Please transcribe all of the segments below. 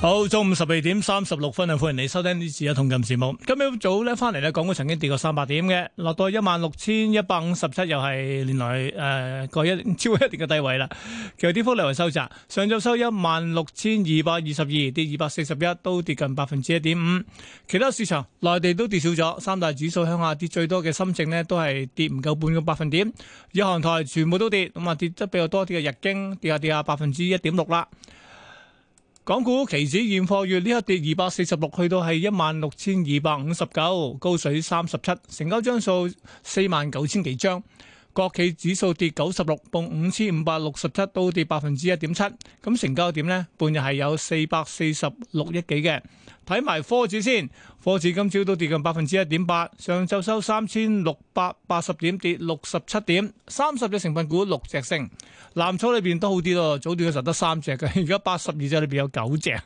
好，中午十二點三十六分啊！歡迎你收聽呢次嘅同鑒節目。今日早咧翻嚟咧，港股曾經跌過三百點嘅，落到 16, 7,、呃、一萬六千一百五十七，又係年來誒個一超一啲嘅低位啦。其實啲福利話收窄，上晝收一萬六千二百二十二，跌二百四十一，都跌近百分之一點五。其他市場，內地都跌少咗，三大指數向下跌最多嘅深證呢，都係跌唔夠半個百分點。以航台全部都跌，咁啊跌得比較多啲嘅日經跌下跌下百分之一點六啦。港股期指現貨月呢一刻跌二百四十六，去到係一萬六千二百五十九，高水三十七，成交張數四萬九千幾張。國企指數跌九十六，報五千五百六十七，都跌百分之一點七。咁成交點呢，半日係有四百四十六億幾嘅。睇埋科指先。國指今朝都跌近百分之一點八，上晝收三千六百八十點，跌六十七點，三十隻成分股六隻升，藍籌裏邊都好啲咯。早段嘅時候得三隻嘅，而家八十二隻裏邊有九隻。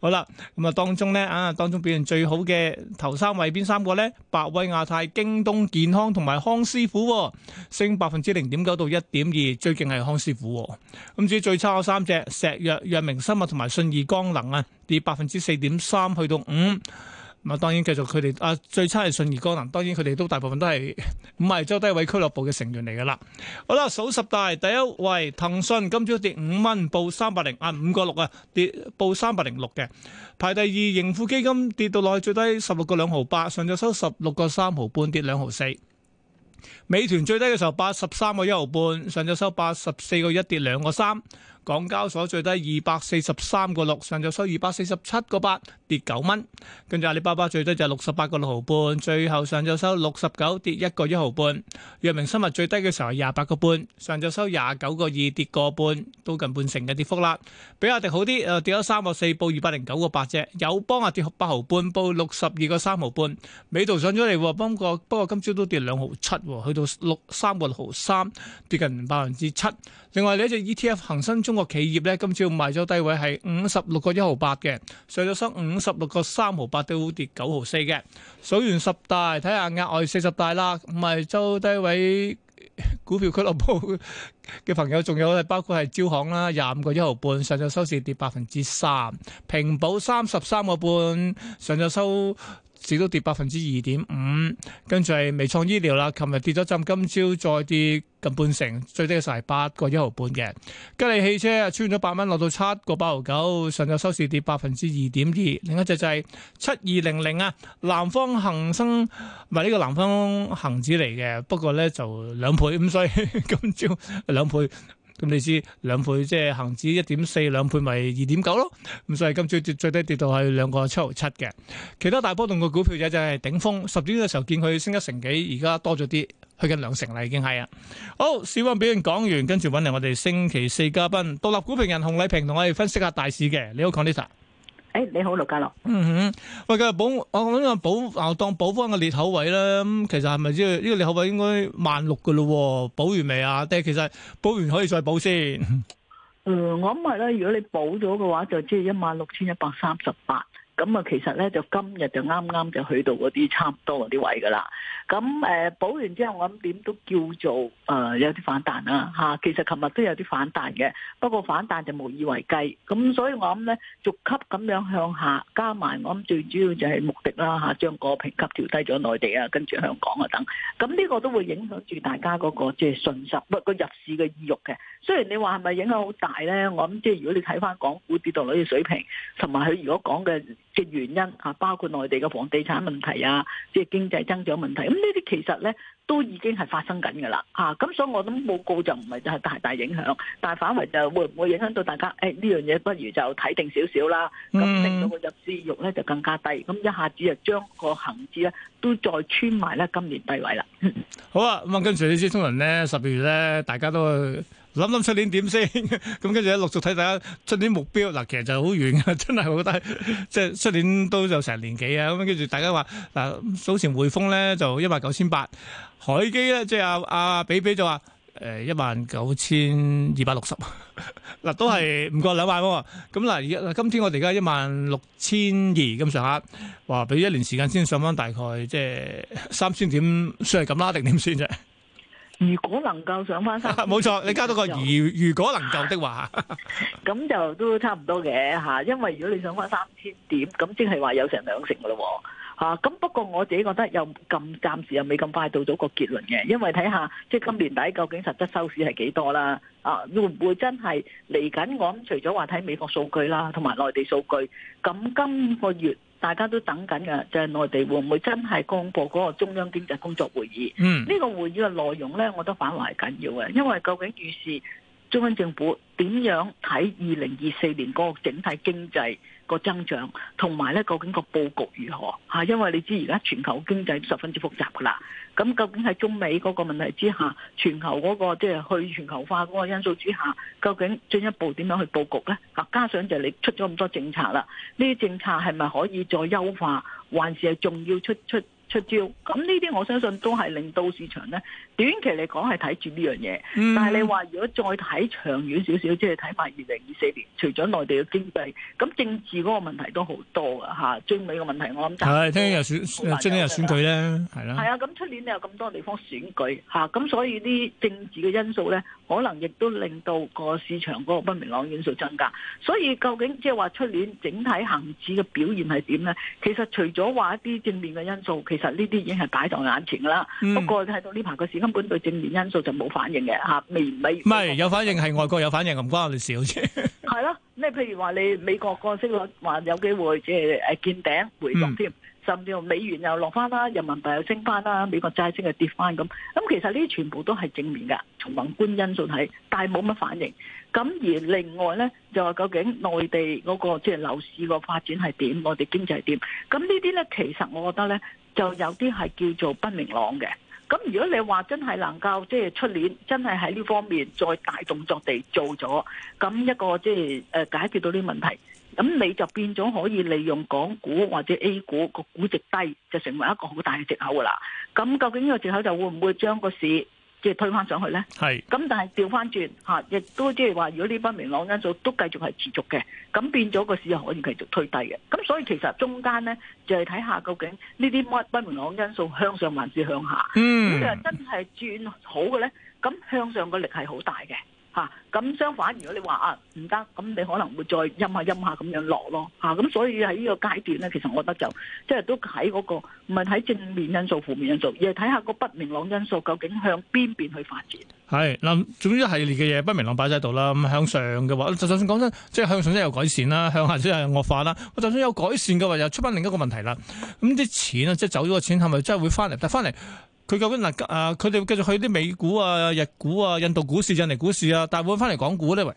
好啦，咁啊當中咧啊，當中表現最好嘅頭三位邊三個咧，百威亞太、京東健康同埋康師傅，升百分之零點九到一點二，最勁係康師傅。咁至於最差三隻，石藥、藥明生物同埋信義光能啊，跌百分之四點三去到五。咁啊，當然繼續佢哋啊，最差係信義光能。當然佢哋都大部分都係唔係周低位俱樂部嘅成員嚟㗎啦。好啦，數十大第一位，騰訊今朝跌五蚊，報三百零啊，五個六啊，跌報三百零六嘅。排第二，盈富基金跌到落去最低十六個兩毫八，上晝收十六個三毫半，跌兩毫四。美團最低嘅時候八十三個一毫半，上晝收八十四個一，跌兩個三。港交所最低二百四十三個六，上晝收二百四十七個八，跌九蚊。跟住阿里巴巴最低就六十八個六毫半，最後上晝收六十九，跌一個一毫半。藥明生物最低嘅時候係廿八個半，上晝收廿九個二，跌個半，都近半成嘅跌幅啦。比亞迪好啲，誒跌咗三個四，報二百零九個八只。友邦啊跌八毫半，報六十二個三毫半。美圖上咗嚟，不過不過今朝都跌兩毫七，去到六三個六毫三，跌近百分之七。另外你一隻 ETF 恒生中。中國企業咧今朝賣咗低位係五十六個一毫八嘅，上咗收五十六個三毫八，都跌九毫四嘅。數完十大，睇下額外四十大啦，唔係周低位股票俱樂部嘅朋友，仲有係包括係招行啦，廿五個一毫半，上晝收市跌百分之三。平保三十三個半，上晝收。市都跌百分之二點五，跟住係微創醫療啦，琴日跌咗針，今朝再跌近半成，最低嘅成八個一毫半嘅。吉利汽車穿咗八蚊落到七個八毫九，上晝收市跌百分之二點二。另一隻就係七二零零啊，南方恒生，唔係呢個南方恒指嚟嘅，不過咧就兩倍，咁所以今朝兩倍。咁你知兩倍即係恆指一點四，兩倍咪二點九咯。咁所以今朝最最低跌到係兩個七毫七嘅。其他大波動嘅股票就即係頂峰十點嘅時候見佢升一成幾，而家多咗啲，去緊兩成啦，已經係啊。好，市況表現講完，跟住揾嚟我哋星期四嘉賓獨立股評人熊麗萍同我哋分析下大市嘅。你好，Conny。誒、哎，你好，陸家樂。嗯哼，喂，佢係補，我諗啊，補啊，當補翻個裂口位啦。咁其實係咪即係呢個裂口位應該萬六噶咯？補完未啊？定係，其實補完可以再補先？誒、嗯，我諗係啦，如果你補咗嘅話，就即係一萬六千一百三十八。咁啊，其實咧就今日就啱啱就去到嗰啲差唔多嗰啲位噶啦。咁誒，補、呃、完之後，我諗點都叫做誒、呃、有啲反彈啊嚇、啊。其實琴日都有啲反彈嘅，不過反彈就無以為繼。咁所以我諗咧逐級咁樣向下加埋，我諗最主要就係穆迪啦嚇、啊，將個評級調低咗內地啊，跟住香港啊等。咁呢個都會影響住大家嗰個即係信心，唔係個入市嘅意欲嘅。雖然你話係咪影響好大咧，我諗即係如果你睇翻港股跌到率嘅水平，同埋佢如果講嘅。嘅原因啊，包括內地嘅房地產問題啊，即係經濟增長問題，咁呢啲其實咧都已經係發生緊嘅啦，嚇、啊、咁所以我諗冇告就唔係就係大大影響，但係反為就會唔會影響到大家？誒、哎、呢樣嘢不如就睇定少少啦，咁令到個入市慾咧就更加低，咁一下子就將個恆指咧都再穿埋咧今年低位啦。嗯、好啊，咁啊跟住呢支先生呢十二月咧，大家都去。諗諗出年點先，咁跟住咧陸續睇大家出年目標。嗱，其實就好遠嘅，真係好低，即係出年都就成年幾啊。咁跟住大家話，嗱，早前匯豐咧就一萬九千八，海基咧即係阿阿比比就話，誒一萬九千二百六十。嗱、 嗯，都係唔過兩萬。咁嗱，而家嗱，今天我哋而家一萬六千二咁上下，話俾一年時間先上翻大概即係三千點算係咁啦，定點算啫？ 如果能夠上翻三，冇錯，你加多個如如果能夠的話，咁就都差唔多嘅嚇。因為如果你想翻三千點，咁即係話有成兩成嘅咯喎嚇。咁不過我自己覺得又咁，暫時又未咁快到到個結論嘅，因為睇下即係今年底究竟實質收市係幾多啦啊？會唔會真係嚟緊？我諗除咗話睇美國數據啦，同埋內地數據，咁今個月。大家都等緊嘅，就係、是、內地會唔會真係公布嗰個中央經濟工作會議。嗯，呢 個會議嘅內容咧，我覺得反而係緊要嘅，因為究竟預示。中央政府點樣睇二零二四年嗰個整體經濟個增長，同埋咧究竟個佈局如何嚇？因為你知而家全球經濟十分之複雜噶啦，咁究竟喺中美嗰個問題之下，全球嗰個即係去全球化嗰個因素之下，究竟進一步點樣去佈局咧？嗱，加上就係你出咗咁多政策啦，呢啲政策係咪可以再優化，還是係仲要出出？出招咁呢啲，嗯、我相信都係令到市場咧，短期嚟講係睇住呢樣嘢。但係你話如果再睇長遠少少，即係睇埋二零二四年，除咗內地嘅經濟，咁政治嗰個問題都好多噶吓，中、啊、美嘅問題我諗係聽日選，即係聽日選舉咧，係啦的。係啊，咁出年你有咁多地方選舉吓，咁、啊、所以啲政治嘅因素咧，可能亦都令到個市場嗰個不明朗因素增加。所以究竟即係話出年整體恆指嘅表現係點咧？其實除咗話一啲正面嘅因素，其實呢啲已經係擺在眼前啦。不過睇到呢排個市根本對正面因素就冇反應嘅吓，未唔係唔係有反應，係外國有反應，唔關我哋事嘅。係咯，咩譬如話你美國個息率話有機會即係誒見頂回落添，甚至乎美元又落翻啦，人民幣又升翻啦，美國債息又跌翻咁。咁其實呢啲全部都係正面嘅，從宏觀因素睇，但係冇乜反應。咁而另外咧，就話究竟內地嗰個即係樓市個發展係點，我哋經濟係點？咁呢啲咧，其實我覺得咧。就有啲係叫做不明朗嘅，咁如果你話真係能夠即係出年真係喺呢方面再大動作地做咗，咁一個即係誒解決到啲問題，咁你就變咗可以利用港股或者 A 股個估值低，就成為一個好大嘅藉口㗎喇。咁究竟呢個藉口就會唔會將個市？即係推返上去咧，係是。咁但係掉返轉吓，亦、啊、都即係話，如果呢班明朗因素都繼續係持續嘅，咁變咗個市又可以繼續推低嘅。咁所以其實中間咧，就係睇下究竟呢啲乜不明朗因素向上還是向下？嗯，咁就真係轉好嘅咧，咁向上個力係好大嘅。嚇，咁相反，如果你話啊唔得，咁你可能會再陰下陰下咁樣落咯，嚇、啊，咁所以喺呢個階段咧，其實我覺得就即係都喺嗰、嗰個唔係睇正面因素、負面因素，而係睇下個不明朗因素究竟向邊邊去發展。係嗱，總之系列嘅嘢不明朗擺喺度啦。咁向上嘅話，就就算講真，即係向上即係有改善啦，向下即係惡化啦。我就算有改善嘅話，又出翻另一個問題啦。咁啲錢啊，即係走咗嘅錢係咪真係會翻嚟？但係翻嚟。佢究竟嗱，啊，佢哋會繼續去啲美股啊、日股啊、印度股市、印尼股市啊、大盤翻嚟港股咧？喂，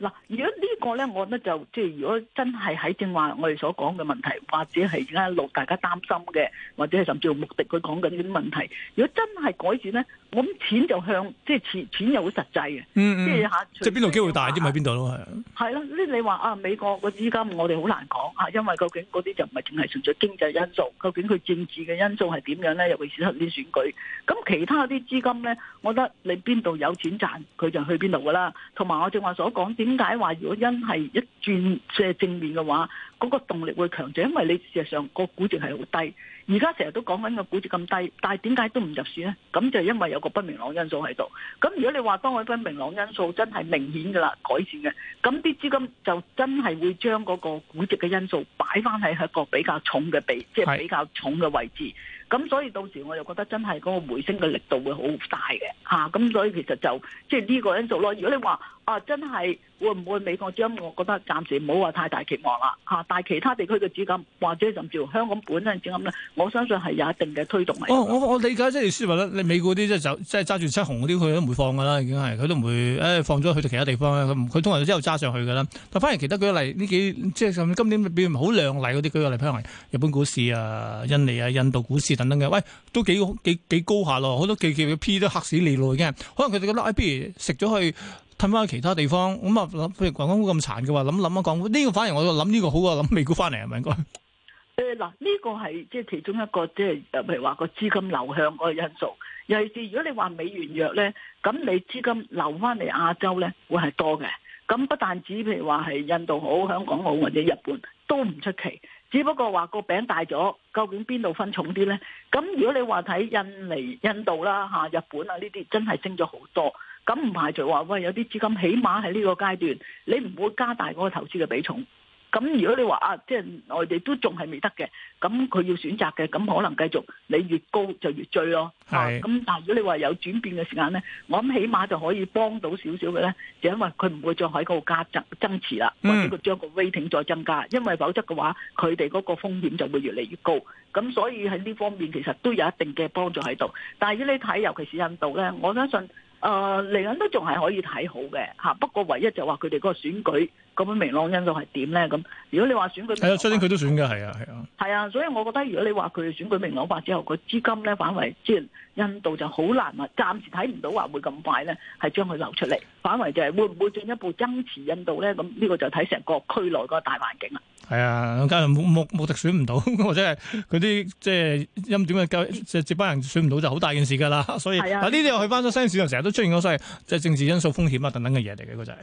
嗱，如果個呢個咧，我覺得就即係如果真係喺正話我哋所講嘅問題，或者係而家一路大家擔心嘅，或者係甚至乎目的佢講緊呢啲問題，如果真係改善咧？咁錢就向，即係錢錢又好實際嘅，嗯嗯即係嚇。即係邊度機會大啲咪邊度咯？係。係咯，呢你話啊，美國個資金我哋好難講嚇，因為究竟嗰啲就唔係淨係純粹經濟因素，究竟佢政治嘅因素係點樣咧？尤其係啲選舉。咁其他啲資金咧，我覺得你邊度有錢賺，佢就去邊度噶啦。同埋我正話所講，點解話如果因係一轉即正面嘅話，嗰、嗰個動力會強咗，因為你事實上個估值係好低。而家成日都講緊個估值咁低，但係點解都唔入選咧？咁就因為有個不明朗因素喺度。咁如果你話當佢不明朗因素真係明顯㗎啦，改善嘅，咁啲資金就真係會將嗰個估值嘅因素擺翻喺一個比較重嘅比，即係比較重嘅位置。咁所以到時我又覺得真係嗰個回升嘅力度會好大嘅嚇，咁、啊嗯、所以其實就即係呢個因素咯。如果你話啊真係會唔會美國資金，我覺得暫時唔好話太大期望啦嚇、啊。但係其他地區嘅資金或者甚至乎香港本身資金咧，我相信係有一定嘅推動嚟、哦。我我理解即係輸話你美國啲即係走即係揸住七紅嗰啲，佢都唔會放㗎啦，已經係佢都唔會誒、欸、放咗去到其他地方，佢唔佢通常之後揸上去㗎啦。但反而其他舉例呢幾即係今年表現好亮麗嗰啲舉例譬如話日本股市啊、印尼啊、印度股市。喂，都幾幾幾高下咯，好多期期嘅 P 都嚇死你咯，已經。可能佢哋覺得，哎，不如食咗去，褪翻去其他地方，咁啊諗翻嚟港股咁慘嘅話，諗諗啊港股呢個反而我就諗呢個好過，諗美股翻嚟啊，係咪應該。誒 、呃，嗱，呢個係即係其中一個，即係譬如話個資金流向個因素。尤其是如果你話美元弱咧，咁你資金流翻嚟亞洲咧，會係多嘅。咁不但止，譬如話係印度好、香港好或者日本，都唔出奇。只不過話個餅大咗，究竟邊度分重啲呢？咁如果你話睇印尼、印度啦、吓日本啊呢啲，真係升咗好多。咁唔排除話，喂有啲資金起碼喺呢個階段，你唔會加大嗰個投資嘅比重。咁如果你話啊，即係內地都仲係未得嘅，咁佢要選擇嘅，咁可能繼續你越高就越追咯。係是，咁但係如果你話有轉變嘅時間咧，我諗起碼就可以幫到少少嘅咧，就因為佢唔會再喺嗰個價值增持啦，或者佢將個 rating 再增加，因為否則嘅話佢哋嗰個風險就會越嚟越高。咁所以喺呢方面其實都有一定嘅幫助喺度。但係如果你睇，尤其是印度咧，我相信。誒嚟緊都仲係可以睇好嘅嚇、啊，不過唯一就話佢哋嗰個選舉咁樣明朗，印度係點咧？咁如果你話選舉，係啊，出年佢都選嘅，係啊，係啊，係啊，所以我覺得如果你話佢選舉明朗化之後，個資金咧反為即係印度就好難啊，暫時睇唔到話會咁快咧，係將佢流出嚟，反為就係會唔會進一步增持印度咧？咁呢個就睇成個區內個大環境啦。係啊，加上目目目睇選唔到，或者係佢啲即係欽點嘅，即係接班人選唔到，就好大件事噶啦。所以啊，呢啲又去翻咗新市場，又成日都出現咗，所以即係政治因素風險啊等等嘅嘢嚟嘅，嗰就係。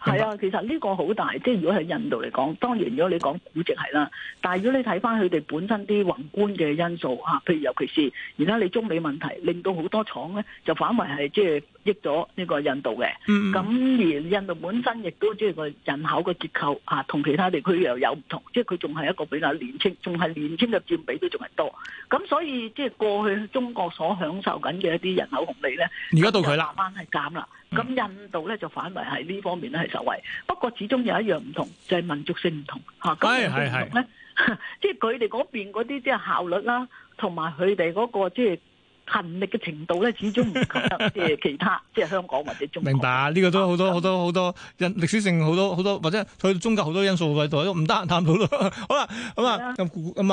係啊，其實呢個好大，即係如果喺印度嚟講，當然如果你講估值係啦，但係如果你睇翻佢哋本身啲宏觀嘅因素啊，譬如尤其是而家你中美問題，令到好多廠呢就反為係即係。益咗呢個印度嘅，咁而印度本身亦都即係個人口嘅結構嚇，同其他地區又有唔同，即係佢仲係一個比較年輕，仲係年輕嘅佔比都仲係多。咁所以即係過去中國所享受緊嘅一啲人口紅利咧，而家到佢啦，慢慢係減啦。咁印度咧就反為係呢方面咧係受惠，不過始終有一樣唔同就係民族性唔同嚇。係係係。咧即係佢哋嗰邊嗰啲即係效率啦，同埋佢哋嗰個即係。勤力嘅程度咧，始終唔及即係其他， 即係香港或者中國。明白呢、啊這個都好多好彈多好多因歷史性好多好多或者去到中國好多因素喺度都唔得，探討咯。太太 好啦，咁啊咁啊，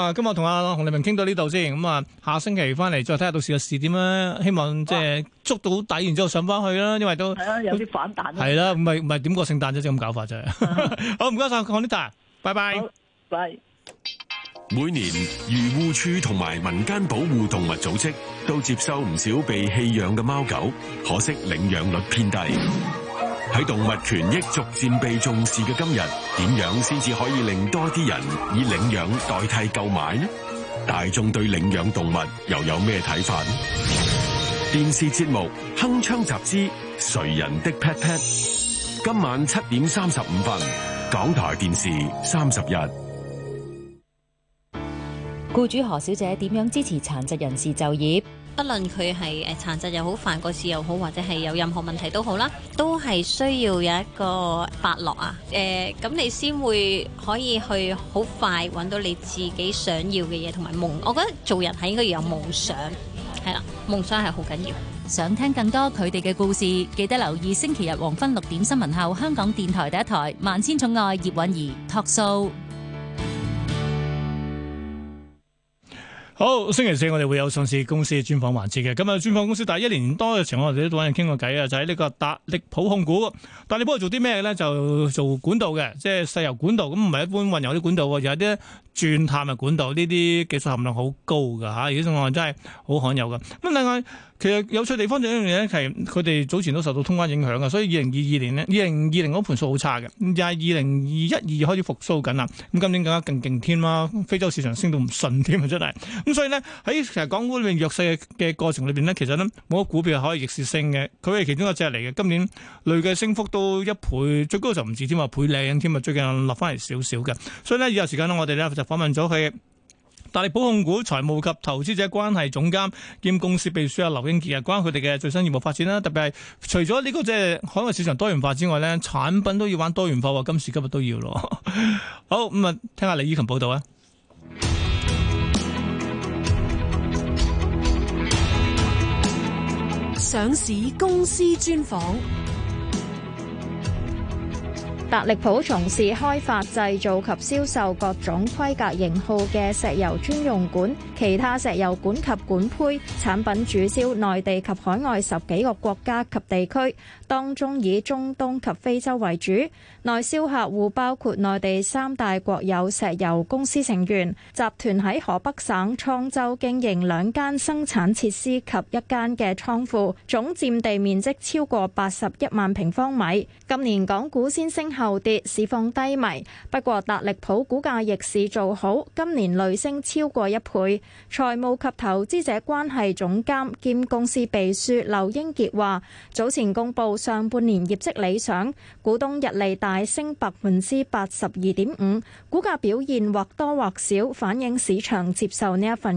啊嗯、今日同阿熊麗萍傾到呢度先。咁、嗯、啊，下星期翻嚟再睇下到時嘅市點啦。希望即係哇捉到底，然之後上翻去啦。因為都係啊，有啲反彈。係啦、啊，唔係唔係點過聖誕啫？咁搞法啫。好，唔該曬，康啲達，拜拜。拜，拜。.每年漁護署同埋民間保護動物組織都接收唔少被棄養嘅貓狗，可惜領養率偏低。喺動物權益逐漸被重視嘅今日，點樣先至可以令多啲人以領養代替購買呢？大眾對領養動物又有咩睇法？電視節目《鏗鏘集資》，誰人的 pet pet？今晚七點三十五分，港台電視三十日。雇主何小姐點樣支持殘疾人士就業？不論佢係誒殘疾又好，犯過事又好，或者係有任何問題都好啦，都係需要有一個發落啊！誒、呃，咁你先會可以去好快揾到你自己想要嘅嘢同埋夢。我覺得做人係應該要有夢想，係啊，夢想係好緊要。想聽更多佢哋嘅故事，記得留意星期日黃昏六點新聞後，香港電台第一台《萬千寵愛葉儀》葉韻儀 Talk Show。好，星期四我哋會有上市公司嘅專訪環節嘅。咁啊，專訪公司，但係一年多嘅情況，我哋都喺度傾過偈啊。就喺呢個達力普控股，達力普係做啲咩咧？就做管道嘅，即係石油管道，咁唔係一般運油啲管道，而係啲。轉探物管道呢啲技術含量好高噶吓，呢種案真係好罕有噶。咁另外，其實有趣地方就一樣嘢，其實佢哋早前都受到通關影響嘅，所以二零二二年呢，二零二零嗰盤數好差嘅，又係二零二一二開始復甦緊啦。咁、嗯、今年更加更勁添啦，非洲市場升到唔順添啊，真係。咁、嗯、所以呢，喺其實港股呢邊弱勢嘅嘅過程裏邊呢，其實呢，冇乜股票係可以逆市升嘅，佢係其中一個隻嚟嘅。今年累計升幅都一倍，最高就唔止添啊，倍靚添啊，最近落翻嚟少少嘅。所以呢，以後時間我哋咧訪問咗佢，大力保控股財務及投資者關係總監兼公司秘書阿劉英杰，有關佢哋嘅最新業務發展啦，特別係除咗呢個即係海外市場多元化之外咧，產品都要玩多元化喎，今時今日都要咯。 好咁啊，就聽下李依群報道啊！上市公司專訪。達力普從事開發、製造及銷售各種規格型號嘅石油專用管、其他石油管及管胚產品，主銷內地及海外十幾個國家及地區，當中以中東及非洲為主。內銷客戶包括內地三大國有石油公司成員集團，喺河北省滄州經營兩間生產設施及一間嘅倉庫，總佔地面積超過八十一萬平方米。今年港股先升後後跌市況低迷，不過達力普股價逆市做好，今年累升超過一倍。財務及投資者關係總監兼公司秘書劉英傑話：早前公布上半年業績理想，股東日利大升百分之八十二點五，股價表現或多或少反映市場接受呢一份。